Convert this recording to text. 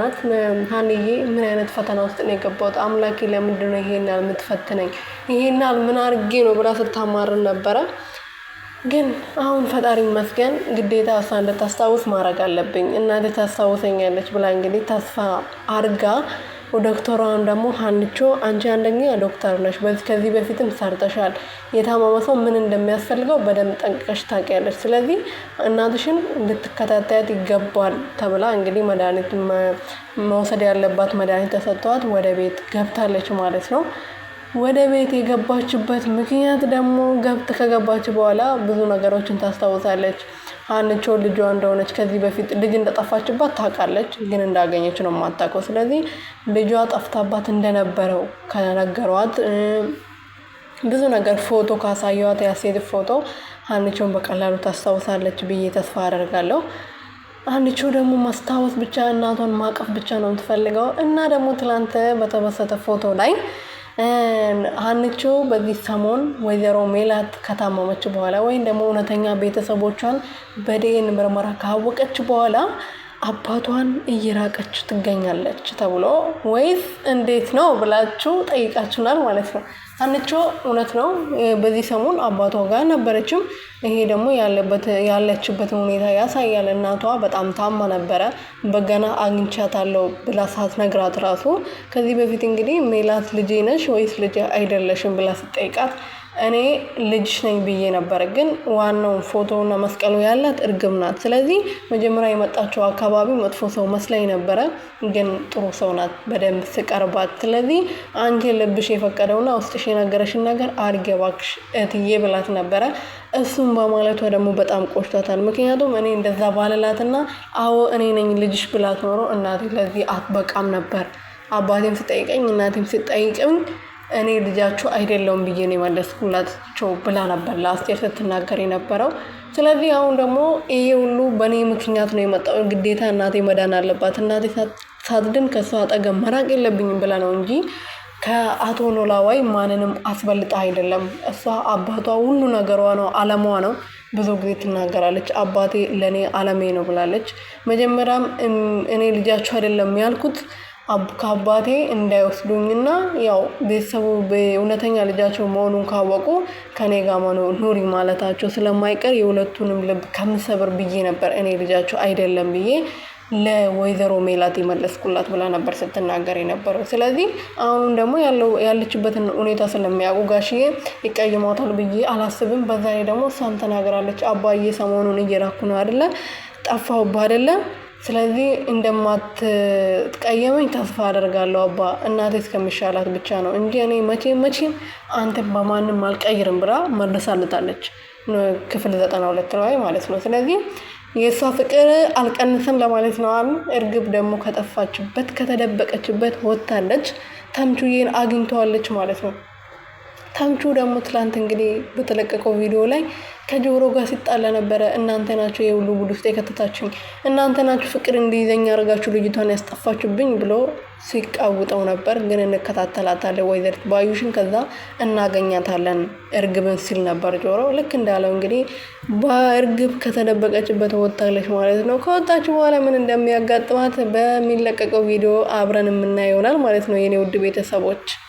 ናት ሀንዬ ምን አይነት ፈተና ውስጥ ነው የገባሁት? አምላኬ ለምንድን ነው ይሄን ያህል የምትፈትነኝ? ይሄን ያህል ምን አድርጌ ነው ብላ ስታማርን ነበረ። ግን አሁን ፈጣሪ ይመስገን ግዴታ እሷ እንደታስታውስ ማድረግ አለብኝ። እናቴ ታስታውሰኛለች ብላ እንግዲህ ተስፋ አድርጋ ዶክተሯም ደግሞ ሀንቾ አንቺ አንደኛ ዶክተር ነሽ፣ ከዚህ በፊትም ሰርተሻል። የታመመ ሰው ምን እንደሚያስፈልገው በደንብ ጠንቀሽ ታውቂያለሽ። ስለዚህ እናትሽን ልትከታተያት ይገባል ተብላ እንግዲህ መድኃኒት መውሰድ ያለባት መድኃኒት ተሰጥተዋት ወደ ቤት ገብታለች ማለት ነው። ወደ ቤት የገባችበት ምክንያት ደግሞ ገብት ከገባች በኋላ ብዙ ነገሮችን ታስታውሳለች። አንቾ ልጇ እንደሆነች ከዚህ በፊት ልጅ እንደጠፋችባት ታውቃለች፣ ግን እንዳገኘች ነው የማታውቀው። ስለዚህ ልጇ ጠፍታባት እንደነበረው ከነገሯት ብዙ ነገር ፎቶ ካሳየዋት ያሴት ፎቶ አንቾን በቀላሉ ታስታውሳለች ብዬ ተስፋ አደርጋለሁ። አንቾ ደግሞ ማስታወስ ብቻ እናቷን ማቀፍ ብቻ ነው የምትፈልገው እና ደግሞ ትላንት በተበሰተ ፎቶ ላይ ሀንቾ በዚህ ሰሞን ወይዘሮ ሜላት ከታመመች በኋላ ወይም ደግሞ እውነተኛ ቤተሰቦቿን በዲኤንኤ ምርመራ ካወቀች በኋላ አባቷን እየራቀች ትገኛለች ተብሎ ወይስ እንዴት ነው ብላችሁ ጠይቃችሁናል ማለት ነው። አንቾ እውነት ነው በዚህ ሰሞን አባቷ ጋር ነበረችም። ይሄ ደግሞ ያለችበትን ሁኔታ ያሳያል። እናቷ በጣም ታማ ነበረ። በገና አግኝቻታለሁ ብላ ሳትነግራት ራሱ ከዚህ በፊት እንግዲህ ሜላት ልጄ ነሽ ወይስ ልጄ አይደለሽም ብላ ስትጠይቃት እኔ ልጅሽ ነኝ ብዬ ነበረ፣ ግን ዋናውን ፎቶና መስቀሉ ያላት እርግብ ናት። ስለዚህ መጀመሪያ የመጣቸው አካባቢ መጥፎ ሰው መስላኝ ነበረ፣ ግን ጥሩ ሰው ናት በደንብ ስቀርባት። ስለዚህ አንቺ ልብሽ የፈቀደውና ውስጥሽ የነገረሽን ነገር አድርጌ እባክሽ እትዬ ብላት ነበረ። እሱም በማለቷ ደግሞ በጣም ቆሽቷታል። ምክንያቱም እኔ እንደዛ ባልላትና አዎ እኔ ነኝ ልጅሽ ብላት ኖሮ እናቴ ለዚህ አትበቃም ነበር። አባቴም ስጠይቀኝ እናቴም ስጠይቅም እኔ ልጃችሁ አይደለውም ብዬ ነው የመለስኩላቸው ብላ ነበር ለአስቴር ስትናገር የነበረው። ስለዚህ አሁን ደግሞ ይሄ ሁሉ በእኔ ምክንያት ነው የመጣው፣ ግዴታ እናቴ መዳን አለባት፣ እናቴ ሳትድን ከሷ አጠገብ መራቅ የለብኝም ብላ ነው እንጂ ከአቶ ኖላዋይ ማንንም አስበልጣ አይደለም። እሷ አባቷ ሁሉ ነገሯ ነው፣ አለሟ ነው። ብዙ ጊዜ ትናገራለች። አባቴ ለእኔ አለሜ ነው ብላለች። መጀመሪያም እኔ ልጃችሁ አይደለም ያልኩት ከአባቴ እንዳይወስዱኝና ያው ቤተሰቡ እውነተኛ ልጃቸው መሆኑን ካወቁ ከኔ ጋር ኑሪ ማለታቸው ስለማይቀር የሁለቱንም ልብ ከምሰብር ብዬ ነበር እኔ ልጃቸው አይደለም ብዬ ለወይዘሮ ሜላት የመለስኩላት ብላ ነበር ስትናገር የነበረው። ስለዚህ አሁን ደግሞ ያለችበትን ሁኔታ ስለሚያውቁ ጋሽዬ ይቀይሟታል ብዬ አላስብም። በዛ ላይ ደግሞ እሷም ተናገራለች አባዬ ሰሞኑን እየራኩ ነው አደለ፣ ጠፋሁብህ አይደለ? ስለዚህ እንደማትቀየመኝ ተስፋ አደርጋለሁ አባ እናቴ እስከሚሻላት ብቻ ነው እንጂ እኔ መቼም መቼም አንተን በማንም አልቀይርም ብላ መልሳለታለች። ክፍል ዘጠና ሁለት ላይ ማለት ነው። ስለዚህ የእሷ ፍቅር አልቀንስም ለማለት ነው። እርግብ ደግሞ ከጠፋችበት ከተደበቀችበት ወጥታለች። ተምቹዬን አግኝተዋለች ማለት ነው። ተምቹ ደግሞ ትላንት እንግዲህ በተለቀቀው ቪዲዮ ላይ ከጆሮ ጋር ሲጣላ ነበረ። እናንተ ናቸው የሁሉ ጉድ ውስጥ የከተታችኝ፣ እናንተ ናችሁ ፍቅር እንዲይዘኝ ያደርጋችሁ ልጅቷን ያስጠፋችሁብኝ ብሎ ሲቃውጠው ነበር። ግን እንከታተላታለን ወይዘሪት ባዩሽን ከዛ እናገኛታለን እርግብን ሲል ነበር ጆሮ። ልክ እንዳለው እንግዲህ በእርግብ ከተደበቀችበት ወጥታለች ማለት ነው። ከወጣች በኋላ ምን እንደሚያጋጥማት በሚለቀቀው ቪዲዮ አብረን የምናየው ይሆናል ማለት ነው የኔ ውድ ቤተሰቦች።